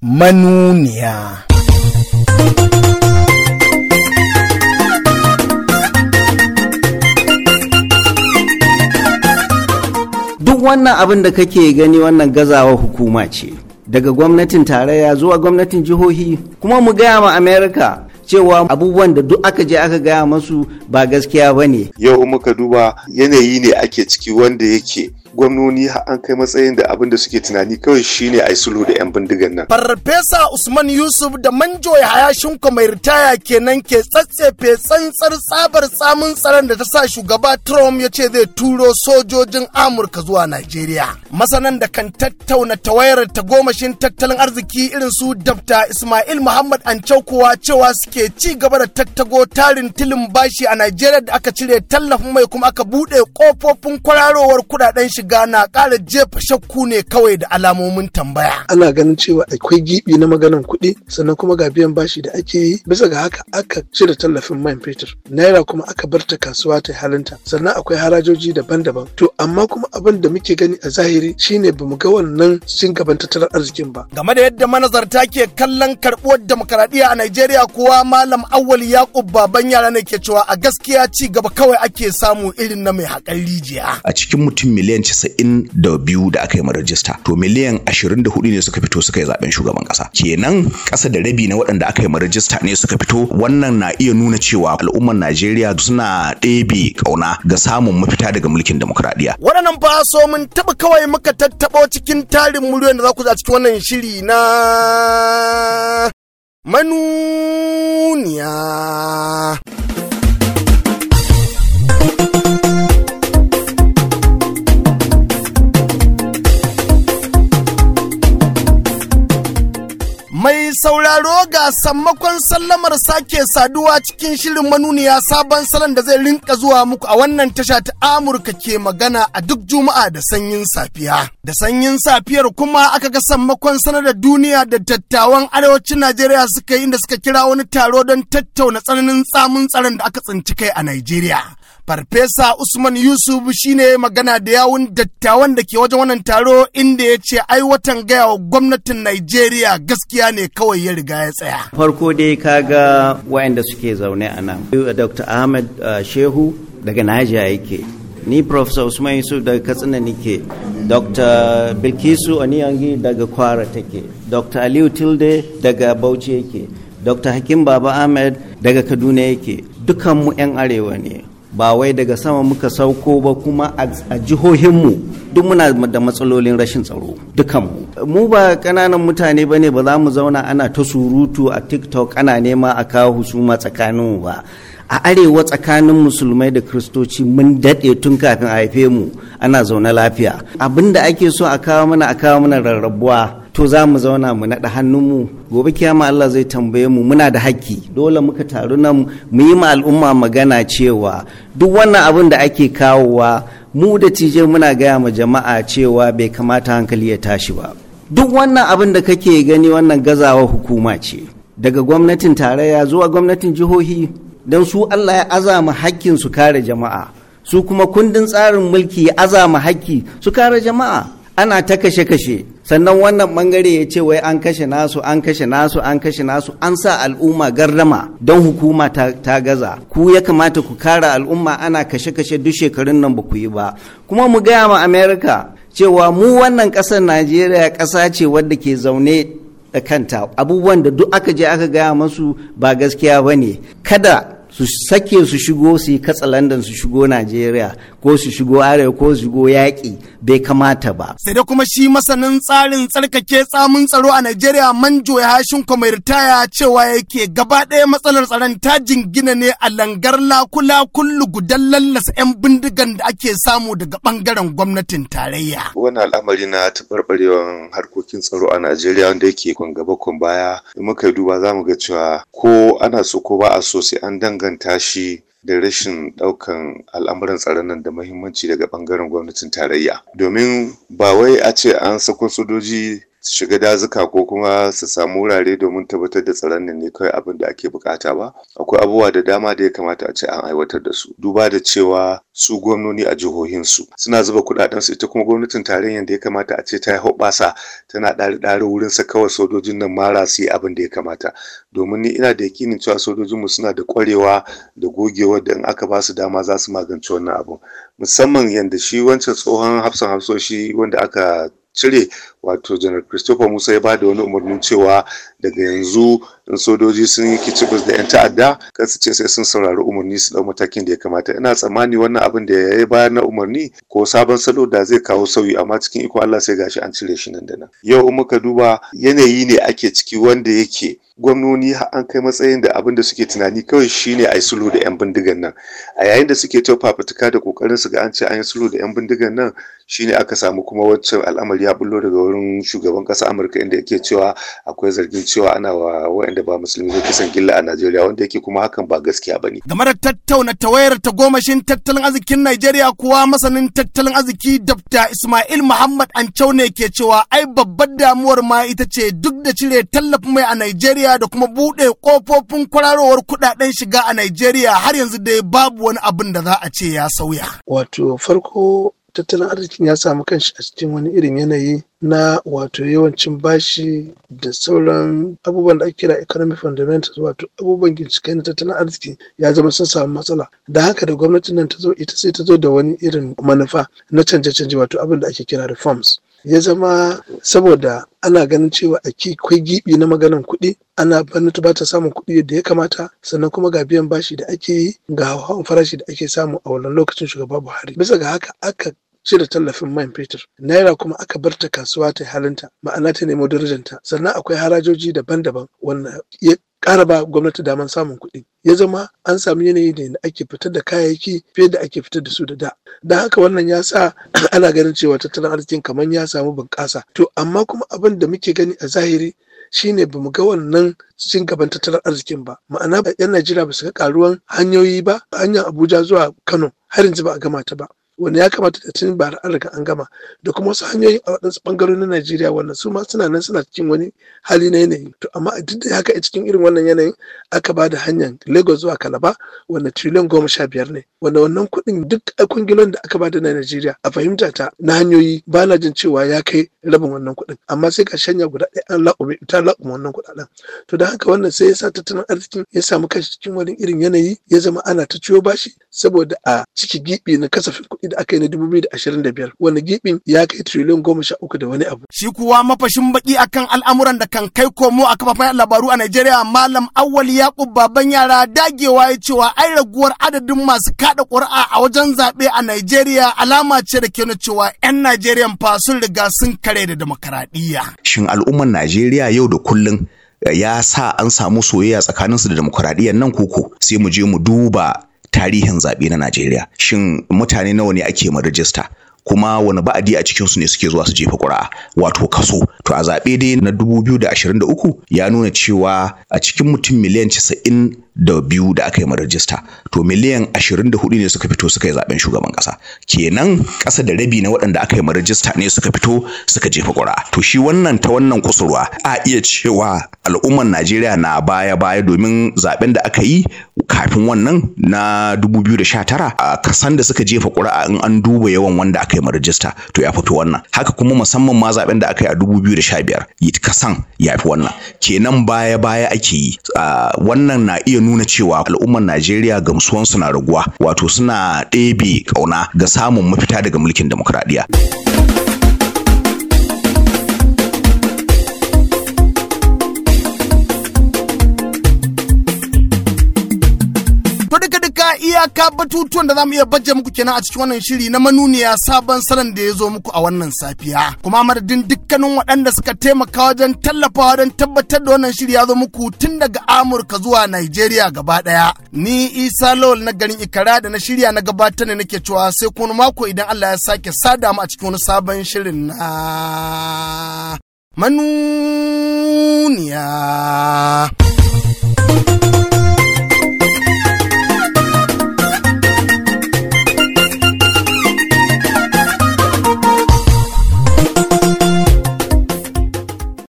manuniya. Duk wannan abin da kake gani wannan gazawa hukuma ce, daga gwamnatin tarayya zuwa gwamnatin jihohi, kuma mu gaya ma Amerika cewa abubuwan da duk aka je aka gaya masu ba gaskiya ba ne. Yau muka duba yanayi ne ake ciki wanda yake gwamnoni an kai matsayin da abin da suke tunani kawai shine a sulhu da 'yan bindigan nan. Farfesa Usman Yusuf da manjo hayashin mai ritaya kenan ke tsatsefe tsantsar tsabar samun tsaron da ta sa shugaba Trump ya ce zai turo sojojin Amurka zuwa Najeriya. Masanan da kan tattauna ta tawayar tagomashin tattalin arziki irin su Dabta Ismail Muhammad Ancaukowa cewa suke ci gaba da tattago tarin tilin bashi a Najeriya da aka cire tallafin mai kuma aka buɗe kofofin kwararowar kuɗaɗen shiga na ƙara jefa shakku ne kawai da alamomin tambaya. Ana ganin cewa akwai gibi na maganan kuɗi sannan kuma ga biyan bashi da ake yi bisa ga haka aka cire tallafin man fetur. Naira kuma aka bar ta kasuwa ta halinta sannan akwai harajoji daban-daban. To amma kuma abin da muke gani a zahiri shine bamu ga wannan cin gaban tattalin arzikin ba. Game da yadda manazarta ke kallon karɓuwar demokaradiyya a Najeriya kuwa Malam Awwal Yakub baban yara ne ke cewa a gaskiya ci gaba kawai ake samu irin na mai haƙar rijiya. A cikin mutum miliyan casa'in da biyu aka yi ma rajista to miliyan ashirin ne suka fito suka yi zaben shugaban kasa kenan kasa da rabi na waɗanda aka yi ma rajista ne suka fito wannan na iya nuna cewa al'ummar Najeriya suna ɗebe kauna ga samun mafita daga mulkin demokradiyya waɗannan ba so mun taɓa kawai muka tattaɓo cikin tarin muryoyin da za ku za cikin wannan shiri na manuniya sauraro ga sammakon sallamar sake saduwa cikin shirin manuniya sabon salon da zai rinka zuwa muku a wannan tasha ta Amurka ke magana a duk Juma'a da sanyin safiya. Da sanyin safiyar kuma aka ga sammakon sanar da duniya da tattawan arewacin Najeriya suka yi inda suka kira wani taro don tattauna tsananin tsamin tsaron da aka tsinci kai a Najeriya. Farfesa Usman Yusuf shine magana da yawun dattawan da ke wajen wannan taro inda ya ce ai watan gaya wa gwamnatin Najeriya gaskiya ne kawai ya riga ya tsaya. Farko dai kaga waɗanda suke zaune a nan. Dr. Ahmed uh, Shehu daga Najeriya yake. Ni Professor Usman Yusuf daga Katsina nike. Dr. Bilkisu Aniyangi daga Kwara take. Dr. Aliyu Tilde daga Bauchi yake. Dr. Hakim Baba Ahmed daga Kaduna yake. Dukanmu 'yan arewa ne. ba wai daga sama muka sauko ba kuma a jihohinmu duk muna da matsalolin rashin tsaro dukanmu mu ba kananan mutane ba ne ba za mu zauna ana ta surutu a tiktok ana nema a kawo husuma tsakaninmu ba a arewa tsakanin musulmai da kristoci mun daɗe tun kafin a haife mu ana zaune lafiya abin da ake so a kawo mana a kawo mana rarrabuwa to za mu zauna mu naɗa hannunmu gobe kiyama Allah zai tambaye mu muna da haƙƙi dole muka taru nan mu yi ma al'umma magana cewa duk wannan abin da ake kawowa mu da tije muna gaya ma jama'a cewa bai kamata hankali ya tashi ba duk wannan abin da kake gani wannan gazawa hukuma ce daga gwamnatin tarayya zuwa gwamnatin jihohi don su Allah ya azama haƙƙin su kare jama'a su kuma kundin tsarin mulki ya azama haƙƙi su kare jama'a ana ta kashe-kashe sannan wannan bangare ya ce wai an kashe nasu an kashe nasu an kashe nasu an sa al'umma gardama don hukuma ta, gaza ku ya kamata ku kara al'umma ana kashe-kashe duk shekarun nan ba ku yi ba kuma mu gaya ma Amerika. cewa mu wannan ƙasar najeriya ƙasa ce wadda ke zaune da kanta abubuwan da duk aka je aka gaya masu ba gaskiya ba ne kada su sake su shigo su yi katsalandan su shigo najeriya ko su shigo arewa ko su shigo yaƙi bai kamata ba. Sai da kuma shi masanin tsarin tsarkake tsamin tsaro a Najeriya manjo ya hashin mai ritaya cewa yake gaba ɗaya matsalar tsaron ta jingina ne a langar lakula kullu gudan lallasa 'yan bindigan da ake samu daga ɓangaren gwamnatin tarayya. Wani al'amari na taɓarɓarewar harkokin tsaro a Najeriya wanda yake kwan gaba kwan baya muka duba za mu ga cewa ko ana so ko ba a so sai an danganta shi da rashin ɗaukan al'amuran tsaron nan da muhimmanci daga ɓangaren gwamnatin tarayya domin ba wai a ce an sako sojoji su shiga dazuka ko kuma su samu wurare domin tabbatar da tsaron nan ne kawai abin da ake bukata ba akwai abubuwa da dama da ya kamata a ce an aiwatar da su duba da cewa su gwamnoni a jihohin su suna zuba kudaden su ita kuma gwamnatin tarayyan da ya kamata a ce ta hoɓasa tana ɗari ɗari wurin sa kawai sojojin nan mara su yi abin da ya kamata domin ni ina da yakinin cewa sojojin mu suna da kwarewa da gogewa da in aka ba su dama za su magance wannan abu. musamman yadda shi wancan tsohon hafsan hafsoshi wanda aka cire wato janar christopher musa ya bada wani umarnin cewa daga yanzu in sojoji sun yi kicibis da 'yan ta'adda kan su ce sai sun saurari umarni su dau matakin da ya kamata ina tsammani wannan abin da ya yi bayan na umarni ko sabon salo da zai kawo sauyi amma cikin iko Allah sai gashi an cire shi nan da nan yau in muka duba yanayi ne ake ciki wanda yake gwamnoni an kai matsayin da abin da suke tunani kawai shine a yi sulhu da 'yan bindigan nan a yayin da suke ta fafutuka da kokarin su ga an ce an yi sulhu da 'yan bindigan nan shine aka samu kuma waccan al'amari ya bullo daga wurin shugaban ƙasa amurka inda yake cewa akwai zargin cewa ana wa waɗanda ba musulmi ko kisan gilla a Najeriya wanda yake kuma hakan ba gaskiya ba ne. Game da tattauna tawayar tagomashin tattalin arzikin Najeriya kuwa masanin tattalin arziki Dr. Ismail Muhammad Ancau ne ke cewa ai babbar damuwar ma ita ce duk da cire tallafin mai a Najeriya da kuma buɗe kofofin kwararowar kuɗaɗen shiga a Najeriya har yanzu dai babu wani abin da za a ce ya sauya. Wato farko tattalin arzikin ya samu kanshi a cikin wani irin yanayi na wato yawancin bashi da sauran abubuwan da ake kira economic fundamentals wato abubuwan ginshikai na tattalin arziki ya zama sun samu matsala da haka da gwamnatin nan ta zo ita sai ta zo da wani irin manufa na canje-canje wato abin da ake kira reforms ya zama saboda ana ganin cewa a kwai gibi na maganan kuɗi ana gwamnati ba ta samun kuɗi yadda ya kamata sannan kuma ga biyan bashi da ake yi ga hawan farashi da ake samu a wannan lokacin shugaba buhari bisa ga haka aka cire tallafin man fetur naira kuma aka bar ta kasuwa ta halinta ma'ana ta nemo darajanta sannan akwai harajoji daban-daban wanda ya ƙara ba gwamnati daman samun kuɗi ya zama an samu yanayi ne da ake fitar da kayayyaki fiye da ake fitar da su da da da haka wannan ya sa ana ganin cewa tattalin arzikin kamar ya samu bunƙasa to amma kuma abin da muke gani a zahiri shine bamu ga wannan cin gaban tattalin arzikin ba ma'ana yan najeriya ba su ga karuwan hanyoyi ba hanyar abuja zuwa kano har yanzu ba a gama ta ba wanda ya kamata da tuni ba an riga an gama da kuma wasu hanyoyi a waɗansu na Najeriya wannan su ma suna nan suna cikin wani hali na yanayi to amma duk da haka a cikin irin wannan yanayin aka ba da hanyar Lagos zuwa Calabar wanda trillion goma sha biyar ne wanda wannan kuɗin duk kungilan da aka ba da na Najeriya a fahimta ta na hanyoyi ba na jin cewa ya kai rabin wannan kuɗin amma sai ka shanya guda ɗaya an laƙume ta laƙume wannan kuɗaɗen to da haka wannan sai ya sa tattalin arzikin ya samu kashi cikin wani irin yanayi ya zama ana ta ciwo bashi saboda a ciki gibi na kasafin kuɗi da aka yi na 2025 wani gibin ya kai triliyan goma sha uku da wani abu. Shi kuwa mafashin baki akan al'amuran da kan kai komo a kafafen labaru a Najeriya Malam Awwal Yakub baban yara dagewa ya cewa ai raguwar adadin masu kada ƙuri'a a wajen zaɓe a Najeriya alama ce da ke cewa 'yan Najeriya fa sun riga sun kare da demokaradiyya. Shin al'ummar Najeriya yau da kullum eh, ya sa an samu soyayya tsakaninsu da demokuraɗiyyar nan koko sai mu je mu duba tarihin zaɓe na Najeriya shin mutane nawa ne ake ma rijista kuma wani ba'adi a cikinsu ne suke zuwa su jefa ƙura'a wato kaso to a zaɓe dai na 2023 ya nuna cewa a cikin mutum miliyan 90 da biyu da aka yi ma rajista to miliyan 24 ne suka fito suka yi zaben shugaban kasa kenan kasa da rabi na waɗanda aka yi ma rajista ne suka fito suka jefa ƙuri'a to shi wannan ta wannan kusurwa a iya cewa al'ummar Najeriya na baya baya domin zaben da aka yi kafin wannan na 2019 a kasan da suka jefa ƙuri'a in an duba yawan wanda aka yi ma rajista to ya fito wannan haka kuma musamman ma zaben da aka yi a 2015 kasan ya fi wannan kenan baya baya ake yi wannan na iya yake nuna cewa al'ummar Najeriya gamsuwansu na raguwa wato suna ɗebe ƙauna ga samun mafita daga mulkin demokradiyya. iya iyaka batutuwan da zamu iya bajje muku kenan a cikin wannan shiri na manuniya sabon salon da ya zo muku a wannan safiya kuma madadin dukkanin waɗanda suka taimaka wajen tallafawa don tabbatar da wannan shiri ya zo muku tun daga amurka zuwa nigeria gaba ɗaya ni isa lawal na garin ikara da na shirya na gabatar ne nake cewa sai kuma mako idan allah ya sake sada mu a cikin wani sabon shirin na manuniya.